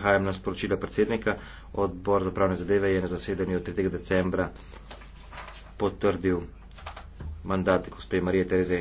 prihajam na sporočila predsednika. Odbor za pravne zadeve je na zasedanju 3. decembra potrdil mandat gospe Marije Tereze